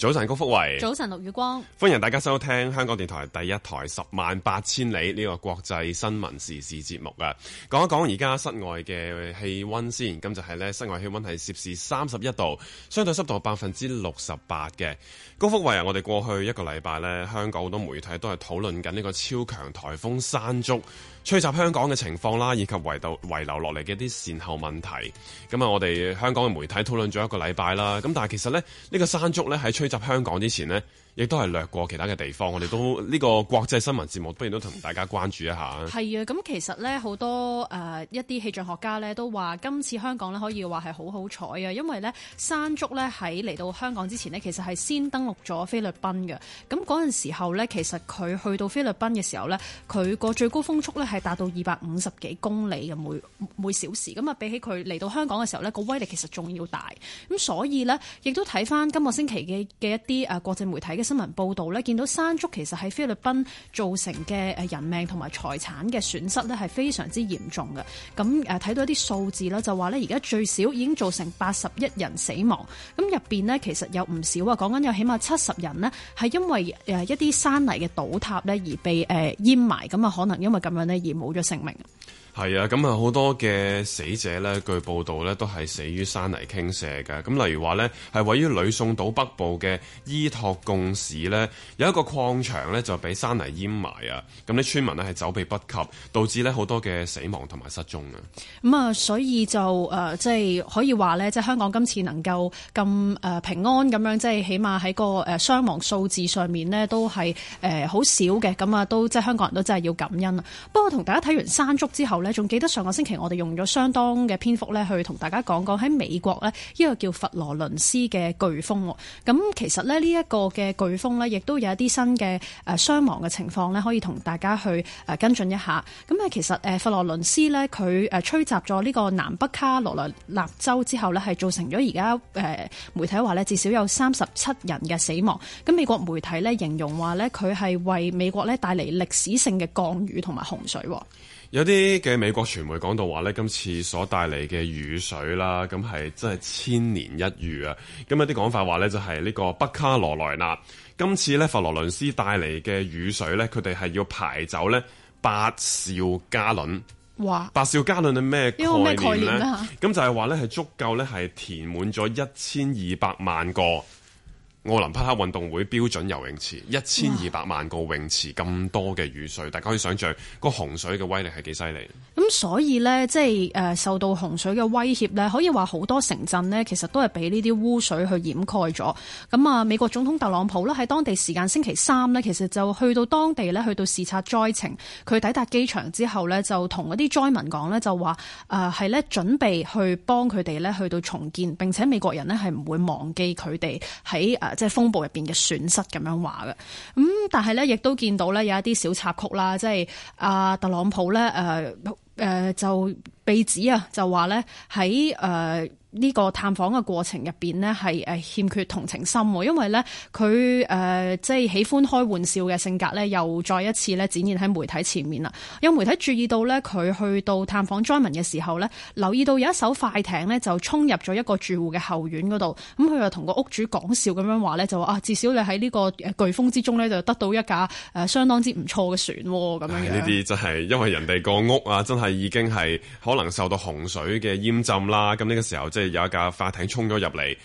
早晨，高福慧。早晨，陸宇光。歡迎大家收聽香港電台第一台《十萬八千里》呢個國際新聞時事節目啊！講一講而家室外嘅氣溫先，咁就係咧，室外氣溫係攝氏三十一度，相對濕度百分之六十八嘅。高福慧啊，我哋過去一個禮拜咧，香港好多媒體都係討論緊呢個超強颱風山竹。吹襲香港嘅情況啦，以及遺留遺留落嚟嘅啲善後問題，咁啊，我哋香港嘅媒體討論咗一個禮拜啦，咁但係其實咧，呢個山竹咧喺吹襲香港之前咧。亦都係略過其他嘅地方，我哋都呢、呢個國際新聞節目，不如都同大家關注一下是。係啊，咁其實咧好多誒、呃、一啲氣象學家咧都話今次香港咧可以話係好好彩啊，因為咧山竹咧喺嚟到香港之前咧，其實係先登陸咗菲律賓嘅。咁嗰陣時候咧，其實佢去到菲律賓嘅時候咧，佢個最高風速咧係達到二百五十幾公里嘅每每小時，咁啊，比起佢嚟到香港嘅時候咧，個威力其實仲要大。咁所以咧，亦都睇翻今個星期嘅嘅一啲誒國際媒體。嘅新聞報道咧，見到山竹其實喺菲律賓造成嘅誒人命同埋財產嘅損失咧，係非常之嚴重嘅。咁誒睇到一啲數字啦，就話咧而家最少已經造成八十一人死亡。咁入邊呢，其實有唔少啊，講緊有起碼七十人呢，係因為誒一啲山泥嘅倒塌咧而被誒淹、呃、埋，咁啊可能因為咁樣呢而冇咗性命。係啊，咁啊好多嘅死者咧，據報道咧都係死於山泥傾瀉嘅。咁例如話咧，係位於呂宋島北部嘅伊托貢市咧，有一個礦場咧就俾山泥淹埋啊。咁啲村民咧，係走避不及，導致咧好多嘅死亡同埋失蹤啊。咁、嗯、啊，所以就誒即係可以話咧，即係香港今次能夠咁誒平安咁樣即係起碼喺個誒傷亡數字上面咧都係誒好少嘅。咁啊，都即係香港人都真係要感恩啊，不過同大家睇完山竹之後，仲記得上個星期我哋用咗相當嘅篇幅咧，去同大家講講喺美國呢一個叫佛羅倫斯嘅颶風。咁其實呢一個嘅颶風呢，亦都有一啲新嘅誒傷亡嘅情況呢可以同大家去誒跟進一下。咁啊，其實誒佛羅倫斯呢，佢誒吹襲咗呢個南北卡羅來納州之後呢，係造成咗而家誒媒體話呢至少有三十七人嘅死亡。咁美國媒體呢，形容話呢，佢係為美國呢帶嚟歷史性嘅降雨同埋洪水。有啲嘅美國傳媒講到話咧，今次所帶嚟嘅雨水啦，咁係真係千年一遇啊！咁有啲講法話咧，就係呢個北卡羅來納今次咧佛羅倫斯帶嚟嘅雨水咧，佢哋係要排走咧八兆加侖哇！八兆加侖係咩概念咧？嚇！咁就係話咧，係足夠咧，係填滿咗一千二百萬個。奧林匹克運動會標準游泳池，一千二百萬個泳池咁多嘅雨水，大家可以想象個洪水嘅威力係幾犀利。咁、嗯、所以呢，即係誒、呃、受到洪水嘅威脅咧，可以話好多城鎮呢其實都係俾呢啲污水去掩蓋咗。咁、嗯、啊，美國總統特朗普呢喺，當地時間星期三呢，其實就去到當地呢，去到視察災情。佢抵達機場之後呢，就同嗰啲災民講呢，就話誒係咧準備去幫佢哋呢去到重建，並且美國人呢係唔會忘記佢哋喺誒。即係風暴入邊嘅損失咁樣話嘅，咁但係咧，亦都見到咧有一啲小插曲啦，即係啊，特朗普咧，誒、呃、誒、呃、就。地址啊，就話咧喺誒呢個探訪嘅過程入邊咧，係誒欠缺同情心喎。因為咧佢誒即係喜歡開玩笑嘅性格咧，又再一次咧展現喺媒體前面啦。有媒體注意到咧，佢去到探訪災民嘅時候咧，留意到有一艘快艇咧就衝入咗一個住戶嘅後院嗰度。咁佢又同個屋主講笑咁樣話咧，就話啊，至少你喺呢個颶風之中咧，就得到一架誒相當之唔錯嘅船咁樣。呢啲真係因為人哋個屋啊，真係已經係可能。受到洪水嘅淹浸啦，咁呢個時候即係有一架快艇衝咗入嚟，呢、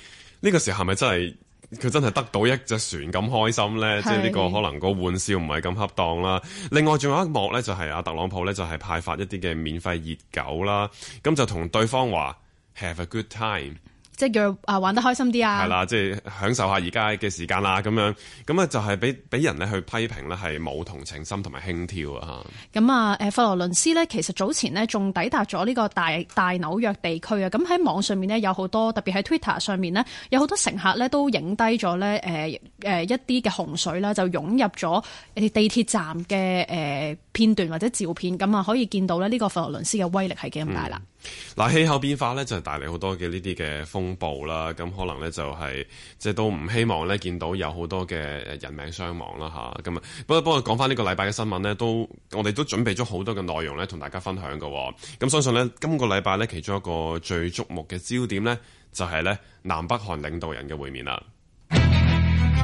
這個時候係咪真係佢真係得到一隻船咁開心呢？即係呢個可能個玩笑唔係咁恰當啦。另外仲有一幕呢，就係、是、阿特朗普呢，就係、是、派發一啲嘅免費熱狗啦，咁就同對方話 Have a good time。即係叫啊玩得開心啲啊！係啦，即係享受下而家嘅時間啦，咁樣咁啊，啊，就係俾俾人咧去批評咧，係冇同情心同埋輕佻啊！吓咁啊，誒，佛羅倫斯咧，其實早前呢仲抵達咗呢個大大紐約地區啊！咁喺網上面呢，有好多，特別喺 Twitter 上面呢，有好多乘客咧都影低咗咧誒誒一啲嘅洪水啦，就湧入咗地鐵站嘅誒、呃、片段或者照片，咁啊可以見到咧呢個佛羅倫斯嘅威力係幾咁大啦。嗯嗱，氣候變化咧就係帶嚟好多嘅呢啲嘅風暴啦，咁可能咧就係即係都唔希望咧見到有好多嘅人命傷亡啦吓，咁啊，不過不過講翻呢個禮拜嘅新聞咧，都我哋都準備咗好多嘅內容咧，同大家分享噶喎，咁相信咧今個禮拜咧其中一個最矚目嘅焦點咧，就係咧南北韓領導人嘅會面啦。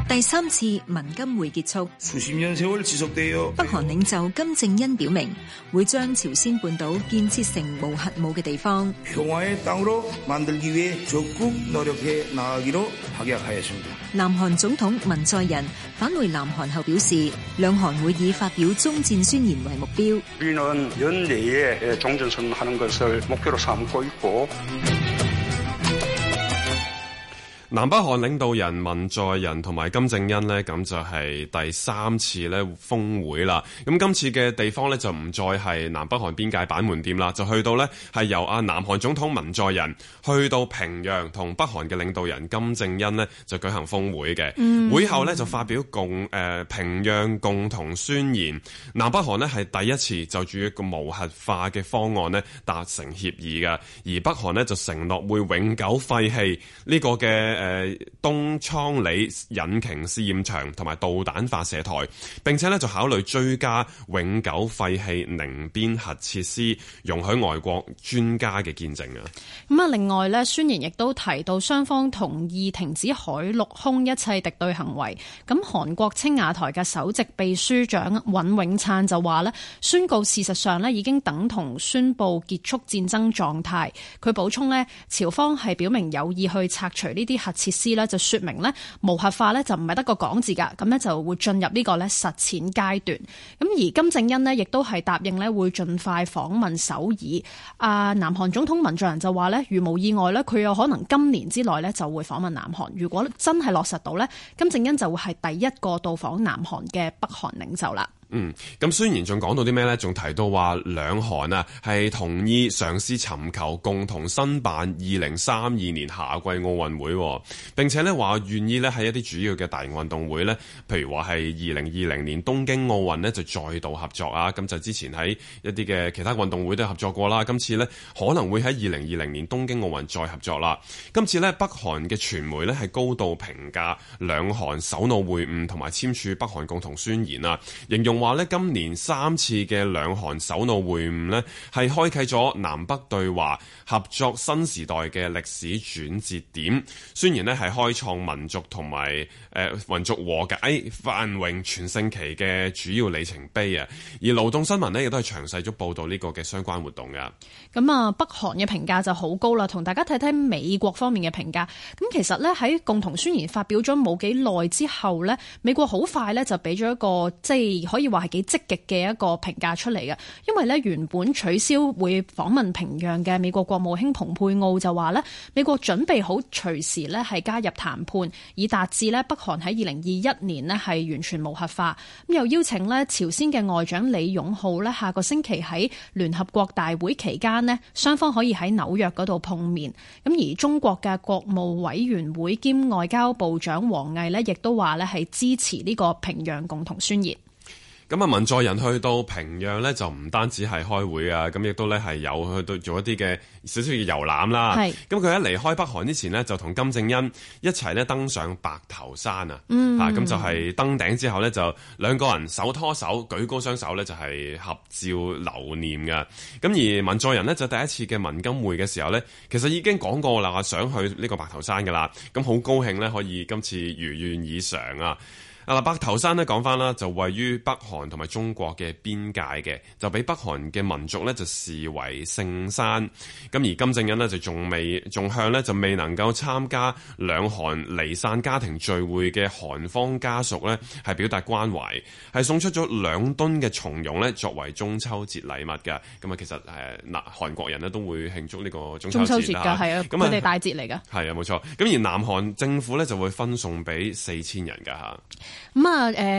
第三次文金會結束年年。北韓領袖金正恩表明會將朝鮮半島建設成無核武嘅地方的努力努力。南韓總統文在寅返回南韓後表示，兩韓會以發表終戰宣言為目標。 南北韓領導人文在寅同埋金正恩呢，咁就係第三次咧峯會啦。咁今次嘅地方咧就唔再係南北韓邊界板門店啦，就去到呢係由阿南韓總統文在寅去到平壤同北韓嘅領導人金正恩呢，就舉行峯會嘅。嗯。會後咧就發表共誒、呃、平壤共同宣言，南北韓呢係第一次就住一個無核化嘅方案呢達成協議嘅，而北韓呢，就承諾會永久廢棄呢個嘅。誒，東倉里引擎試驗場同埋導彈發射台，並且咧就考慮追加永久廢棄寧邊核設施，容許外國專家嘅見證啊！咁啊，另外咧，宣言亦都提到雙方同意停止海陸空一切敵對行為。咁韓國青瓦台嘅首席秘書長尹永燦就話咧，宣告事實上已經等同宣佈結束戰爭狀態。佢補充呢，朝方係表明有意去拆除呢啲核。設施咧就說明咧無核化咧就唔係得個講字噶，咁咧就會進入呢個咧實踐階段。咁而金正恩呢亦都係答應咧會盡快訪問首爾，呃。南韓總統文在寅就話咧，如無意外咧，佢有可能今年之內咧就會訪問南韓。如果真係落實到咧，金正恩就會係第一個到訪南韓嘅北韓領袖啦。嗯，咁宣言仲講到啲咩咧？仲提到話兩韓啊，係同意嘗試尋求共同申辦二零三二年夏季奧運會，哦，並且咧話願意咧喺一啲主要嘅大型運動會咧，譬如話係二零二零年東京奧運咧就再度合作啊。咁就之前喺一啲嘅其他運動會都合作過啦。今次咧可能會喺二零二零年東京奧運再合作啦。今次咧北韓嘅傳媒咧係高度評價兩韓首腦會晤同埋簽署北韓共同宣言啊，應用。話呢，今年三次嘅兩韓首腦會晤呢係開啟咗南北對話合作新時代嘅歷史轉折點。宣言呢係開創民族同埋誒民族和解繁榮全盛期嘅主要里程碑啊！而勞動新聞呢，亦都係詳細咗報道呢個嘅相關活動噶。咁啊，北韓嘅評價就好高啦。同大家睇睇美國方面嘅評價。咁其實呢，喺共同宣言發表咗冇幾耐之後呢，美國好快呢就俾咗一個即係可以。話係幾積極嘅一個評價出嚟嘅，因為呢原本取消會訪問平壤嘅美國國務卿蓬佩奧就話呢美國準備好隨時呢係加入談判，以達至呢北韓喺二零二一年呢係完全無核化。咁又邀請呢朝鮮嘅外長李勇浩呢下個星期喺聯合國大會期間呢雙方可以喺紐約嗰度碰面。咁而中國嘅國務委員會兼外交部長王毅呢亦都話呢係支持呢個平壤共同宣言。咁啊，文在寅去到平壤咧，就唔單止係開會啊，咁亦都咧係有去到做一啲嘅少少嘅遊覽啦。咁佢一離開北韓之前呢，就同金正恩一齊咧登上白頭山啊。咁、嗯嗯、就係、是、登頂之後咧，就兩個人手拖手舉高雙手咧，就係合照留念噶。咁而文在寅咧就第一次嘅文金會嘅時候咧，其實已經講過啦，想去呢個白頭山噶啦。咁好高興咧，可以今次如願以償啊！白頭山呢講返啦，就位於北韓同埋中國嘅邊界嘅，就俾北韓嘅民族呢就視為聖山。咁而金正恩呢，就仲未仲向呢，就未能夠參加兩韓離散家庭聚會嘅韓方家屬呢，係表達關懷，係送出咗兩噸嘅松茸呢作為中秋節禮物㗎。咁啊，其實誒南、呃、韓國人呢都會慶祝呢個中秋節㗎，係啊，咁佢哋大節嚟㗎。係啊，冇錯。咁而南韓政府呢，就會分送俾四千人㗎吓。咁、嗯、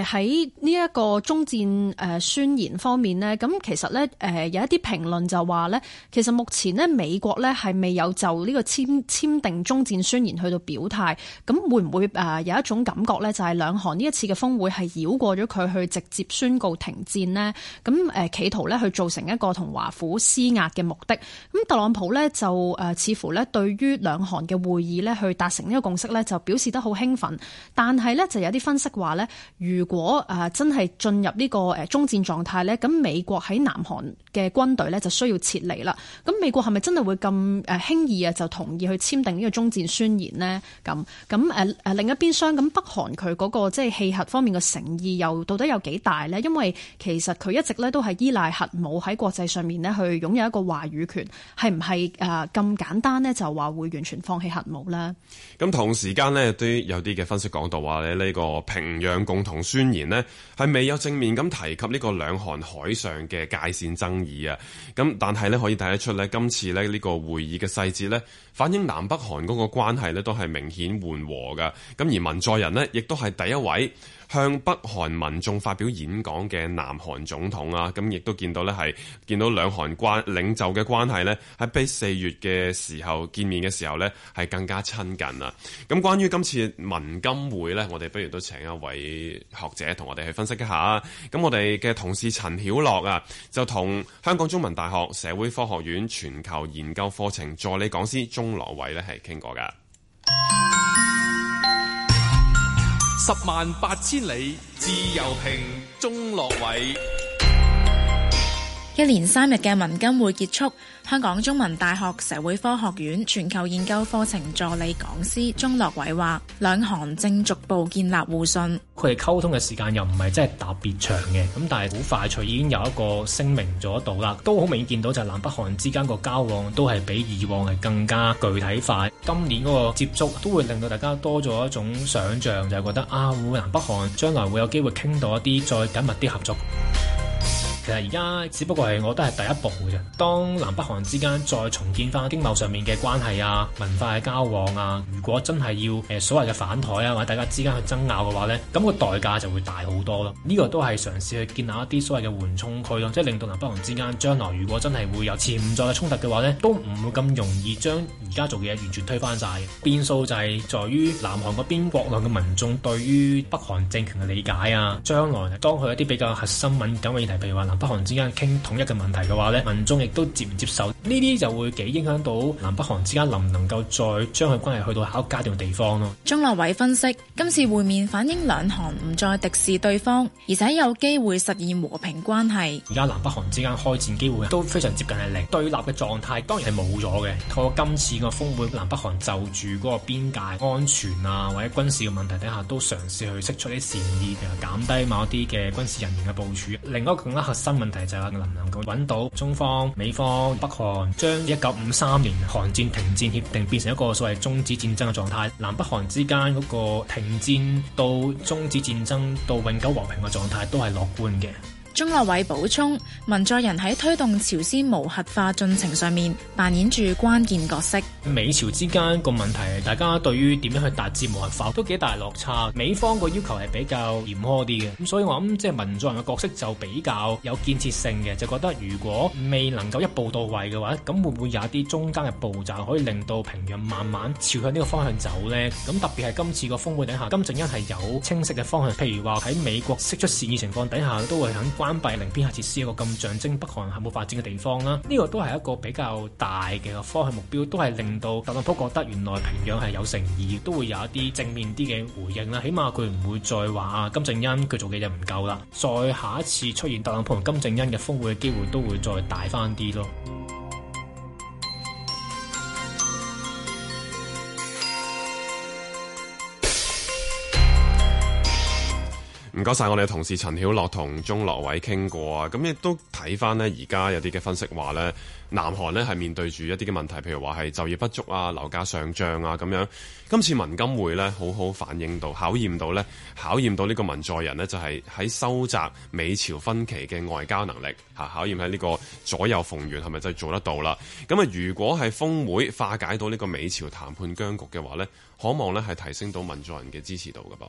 啊，喺呢一個終戰、呃、宣言方面呢，咁其實呢，呃、有一啲評論就話呢，其實目前呢，美國呢係未有就呢個簽簽訂終戰宣言去到表態，咁會唔會呃有一種感覺呢？就係、是、兩韓呢一次嘅峰會係繞過咗佢去直接宣告停戰呢？咁、嗯呃、企圖呢去造成一個同華府施壓嘅目的。咁、嗯、特朗普呢，就、呃、似乎呢對於兩韓嘅會議呢去達成呢個共識呢，就表示得好興奮，但係呢，就有啲分析。話，如果誒，真係進入呢個誒，終戰狀態呢，咁美國喺南韓嘅軍隊呢就需要撤離啦。咁美國係咪真係會咁誒，輕易啊就同意去簽訂呢個終戰宣言呢？咁咁誒誒，另一邊廂，咁北韓佢嗰個即係棄核方面嘅誠意又到底有幾大呢？因為其實佢一直呢都係依賴核武喺國際上面呢去擁有一個話語權，係唔係誒，咁簡單呢？就話會完全放棄核武呢？咁同時間呢，都有啲嘅分析講到話呢個平。平壤共同宣言》呢，係未有正面咁提及呢個兩韓海上嘅界線爭議啊。咁但係呢，可以睇得出呢，今次呢呢個會議嘅細節呢，反映南北韓嗰個關係呢都係明顯緩和噶。咁而文在寅呢，亦都係第一位，向北韓民眾發表演講嘅南韓總統啊，咁亦都見到咧，係見到兩韓領袖嘅關係呢，喺比四月嘅時候見面嘅時候呢，係更加親近啊。咁關於今次文金會呢，我哋不如都請一位學者同我哋去分析一下啊。咁我哋嘅同事陳曉樂啊，就同香港中文大學社會科學院全球研究課程助理講師鍾樂偉呢，係傾過噶。十萬八千里，自由評，鍾樂偉。一連三日嘅文金會結束，香港中文大學社會科學院全球研究課程助理講師鍾樂偉話，兩韓正逐步建立互信，佢哋溝通嘅時間又唔係真係特別長嘅，咁但係好快就已經有一個聲明咗到啦，都好明顯見到就南北韓之間個交往都係比以往係更加具體化。今年嗰個接觸都會令到大家多咗一種想象，就係、是、覺得啊，會南北韓將來會有機會傾到一啲再緊密啲合作。其實而家只不過係我覺得係第一步嘅啫。當南北韓之間再重建翻經貿上面嘅關係啊、文化嘅交往啊，如果真係要誒、呃、所謂嘅反台啊或者大家之間去爭拗嘅話呢，咁個代價就會大好多咯。呢、這個都係嘗試去建立一啲所謂嘅緩衝區咯，即係令到南北韓之間將來如果真係會有潛在嘅衝突嘅話呢，都唔會咁容易將而家做嘅嘢完全推翻晒。變數就係在於南韓嗰邊國內嘅民眾對於北韓政權嘅理解啊，將來當佢一啲比較核心敏感嘅議題，譬如話。南北韓之間傾統一嘅問題嘅話咧，民眾亦都接唔接受呢啲，這些就會幾影響到南北韓之間能唔能夠再將佢關係去到下一階段嘅地方咯。鍾樂偉分析，今次會面反映兩韓唔再敵視對方，而且有機會實現和平關係。而家南北韓之間開戰機會都非常接近係零，對立嘅狀態當然係冇咗嘅。通過今次個峰會，南北韓就住嗰個邊界安全啊，或者軍事嘅問題底下，都嘗試去釋出啲善意，減低某一啲嘅軍事人員嘅部署。另外更加新問題就係能唔能夠揾到中方、美方、北韓，將一九五三年韓戰停戰協定變成一個所謂終止戰爭嘅狀態，南北韓之間嗰個停戰到終止戰爭到永久和平嘅狀態都係樂觀嘅。鍾樂偉補，補充，文在寅喺推動朝鮮無核化進程上面扮演住關鍵角色。美朝之間個問題，大家對於點樣去達至無核化都幾大落差。美方個要求係比較嚴苛啲嘅，咁所以我諗即係文在寅嘅角色就比較有建設性嘅，就覺得如果未能夠一步到位嘅話，咁會唔會有一啲中間嘅步驟可以令到平壤慢慢朝向呢個方向走呢？咁特別係今次個峰會底下，金正恩係有清晰嘅方向，譬如話喺美國釋出善意情況底下，都會肯。關閉寧邊核設施一個咁象徵北韓核武發展嘅地方啦，呢個都係一個比較大嘅方向目標，都係令到特朗普覺得原來平壤係有誠意，都會有一啲正面啲嘅回應啦。起碼佢唔會再話啊，金正恩佢做嘅嘢唔夠啦，再下一次出現特朗普同金正恩嘅峰會嘅機會都會再大翻啲咯。唔該晒，我哋同事陳曉樂同鍾樂偉傾過啊，咁亦都睇翻呢，而家有啲嘅分析話呢南韓呢係面對住一啲嘅問題，譬如話係就業不足啊、樓價上漲啊咁樣。今次文金會呢，好好反映到、考驗到咧、考驗到呢個文在寅呢，就係、是、喺收窄美朝分歧嘅外交能力嚇，考驗喺呢個左右逢源係咪真係做得到啦？咁啊，如果係峯會化解到呢個美朝談判僵局嘅話呢，可望呢係提升到文在寅嘅支持度嘅噃。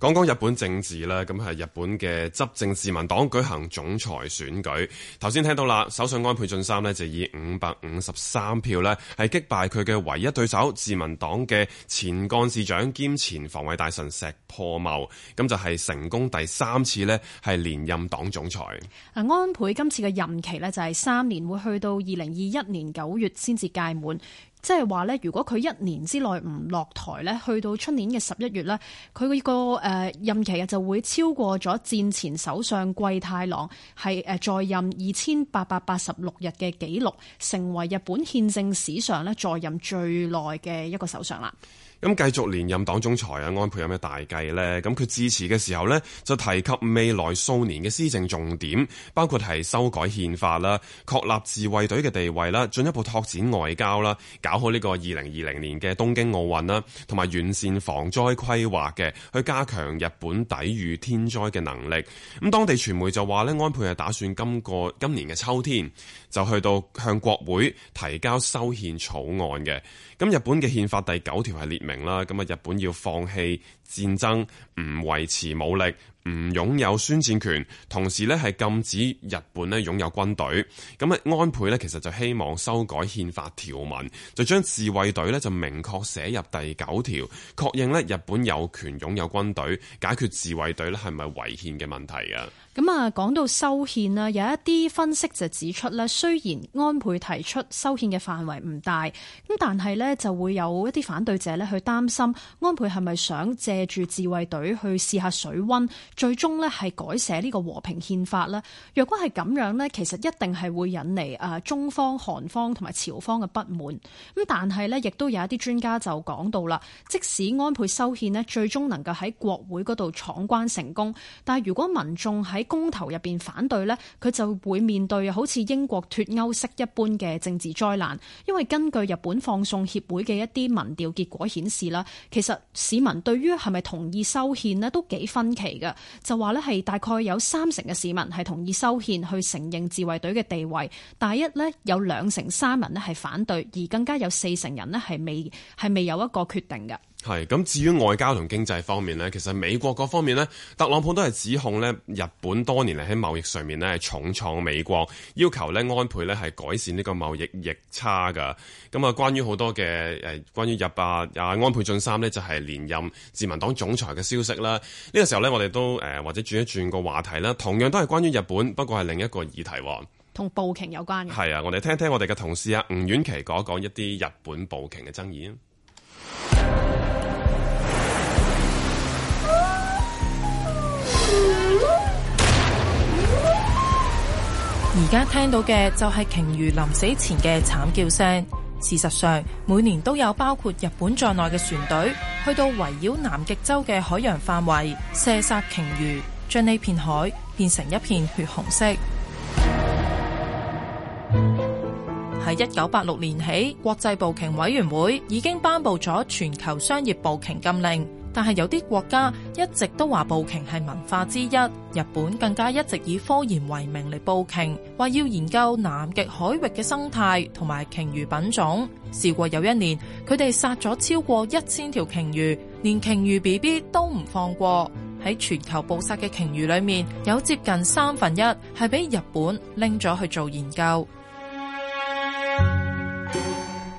講講日本政治啦，咁係日本嘅執政自民黨舉行總裁選舉。頭先聽到啦，首相安倍晉三呢就以五百五十三票呢係擊敗佢嘅唯一對手自民黨嘅前幹事長兼前防衛大臣石破茂，咁就係成功第三次呢係連任黨總裁。嗱，安倍今次嘅任期呢，就係三年，會去到二零二一年九月先至屆滿。即係話咧，如果佢一年之內唔落台咧，去到出年嘅十一月咧，佢個誒任期啊就會超過咗戰前首相桂太郎係誒在任二千八百八十六日嘅紀錄，成為日本憲政史上咧在任最耐嘅一個首相啦。咁繼續連任黨總裁啊，安倍有咩大計呢？咁佢致辭嘅時候呢，就提及未來數年嘅施政重點，包括係修改憲法啦、確立自衛隊嘅地位啦、進一步拓展外交啦、搞好呢個二零二零年嘅東京奧運啦，同埋完善防災規劃嘅，去加強日本抵禦天災嘅能力。咁當地傳媒就話呢，安倍係打算今個今年嘅秋天就去到向國會提交修憲草案嘅。咁日本嘅憲法第九條係列。明啦，咁啊，日本要放棄戰爭，唔維持武力。唔擁有宣戰權，同時呢係禁止日本呢擁有軍隊。咁啊，安倍呢其實就希望修改憲法條文，就將自衛隊呢就明確寫入第九條，確認呢日本有權擁有軍隊，解決自衛隊呢係咪違憲嘅問題啊。咁啊，講到修憲啊，有一啲分析就指出呢，雖然安倍提出修憲嘅範圍唔大，咁但係呢就會有一啲反對者呢去擔心，安倍係咪想借住自衛隊去試下水溫？最終呢係改寫呢個和平憲法啦。若果係咁樣呢，其實一定係會引嚟、呃、中方、韓方同埋朝方嘅不滿。咁但係呢，亦都有一啲專家就講到啦，即使安倍修憲呢，最終能夠喺國會嗰度闖關成功，但係如果民眾喺公投入面反對呢，佢就會面對好似英國脱歐式一般嘅政治災難。因為根據日本放送協會嘅一啲民調結果顯示啦，其實市民對於係咪同意修憲呢都幾分歧㗎。就話咧係大概有三成嘅市民係同意修憲去承認自衛隊嘅地位，大一呢，有兩成三人咧係反對，而更加有四成人咧係未係未有一個決定嘅。係咁，至於外交同經濟方面呢，其實美國各方面呢，特朗普都係指控呢，日本多年嚟喺貿易上面呢係重創美國，要求呢，安倍呢係改善呢個貿易逆差噶。咁啊，關於好多嘅，誒，關於日啊啊安倍晉三呢就係連任自民黨總裁嘅消息啦。呢、這個時候呢我哋都誒、呃、或者轉一轉個話題啦，同樣都係關於日本，不過係另一個議題。同捕鯨有關嘅。係啊，我哋聽聽我哋嘅同事啊吳沅琪講一講一啲日本捕鯨嘅爭議啊。而家聽到嘅就係鯨魚臨死前嘅慘叫聲。事實上，每年都有包括日本在內嘅船隊去到圍繞南極洲嘅海洋範圍，射殺鯨魚，將呢片海變成一片血紅色。喺一九八六年起，國際捕鯨委員會已經頒布咗全球商業捕鯨禁令。但係有啲國家一直都話捕鯨係文化之一，日本更加一直以科研為名嚟捕鯨，話要研究南極海域嘅生態同埋鯨魚品種。試過有一年，佢哋殺咗超過一千條鯨魚，連鯨魚 BB 都唔放過。喺全球捕殺嘅鯨魚裏面，有接近三分一係俾日本拎咗去做研究。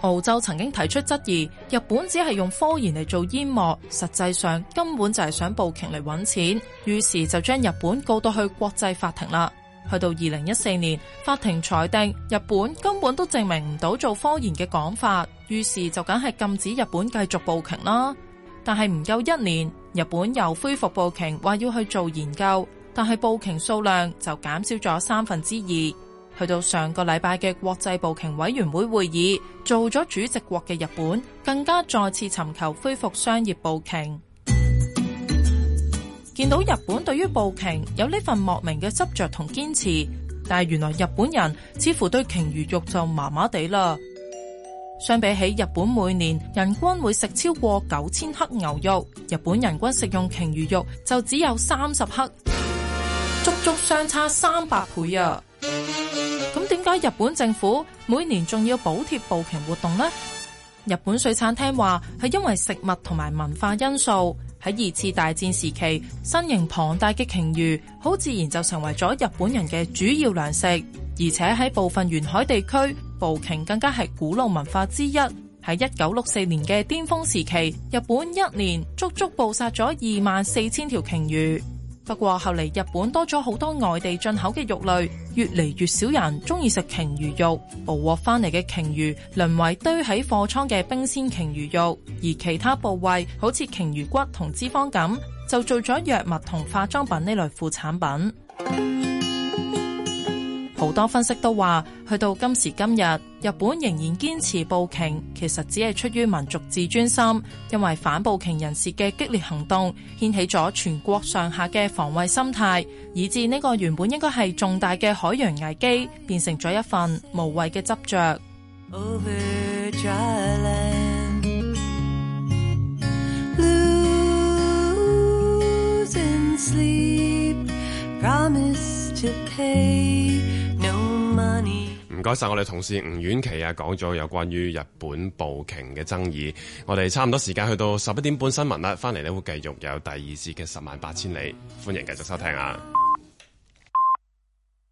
澳洲曾經提出質疑，日本只係用科研嚟做煙幕，實際上根本就係想捕鯨嚟搵錢，於是就將日本告到去國際法庭啦。去到二零一四年，法庭裁定日本根本都證明唔到做科研嘅講法，於是就梗係禁止日本繼續捕鯨啦。但係唔夠一年，日本又恢復捕鯨，話要去做研究，但係捕鯨數量就減少咗三分之二。去到上個禮拜嘅國際捕鯨委員會會議，做咗主席國嘅日本更加再次尋求恢復商業捕鯨。 見到日本對於捕鯨有呢份莫名嘅執着同堅持，但係原來日本人似乎對鯨魚肉就麻麻地啦。相比起日本每年人均會食超過九千克牛肉，日本人均食用鯨魚肉就只有三十克，足足相差三百倍啊！該日本政府每年仲要補貼捕鯨活動呢，日本水產廳話係因為食物同埋文化因素，喺二次大戰時期，身形龐大嘅鯨魚好自然就成為咗日本人嘅主要糧食，而且喺部分沿海地區，捕鯨更加係古老文化之一。喺一九六四年嘅巔峰時期，日本一年足足捕殺咗二萬四千條鯨魚。不過後嚟日本多咗好多外地進口嘅肉類，越嚟越少人中意食鯨魚肉。捕獲翻嚟嘅鯨魚淪為堆喺貨倉嘅冰鮮鯨魚肉，而其他部位好似鯨魚骨同脂肪咁，就做咗藥物同化妝品呢類副產品。好多分析都話，去到今時今日，日本仍然堅持捕鯨，其實只係出於民族自尊心，因為反捕鯨人士嘅激烈行動掀起咗全國上下嘅防衛心態，以致呢個原本應該係重大嘅海洋危機，變成咗一份無謂嘅執着。唔該晒，我哋同事吳沅琪啊，講咗有關於日本捕鯨嘅爭議。我哋差唔多時間去到十一點半新聞啦，翻嚟呢會繼續有第二節嘅十萬八千里，歡迎繼續收聽啊！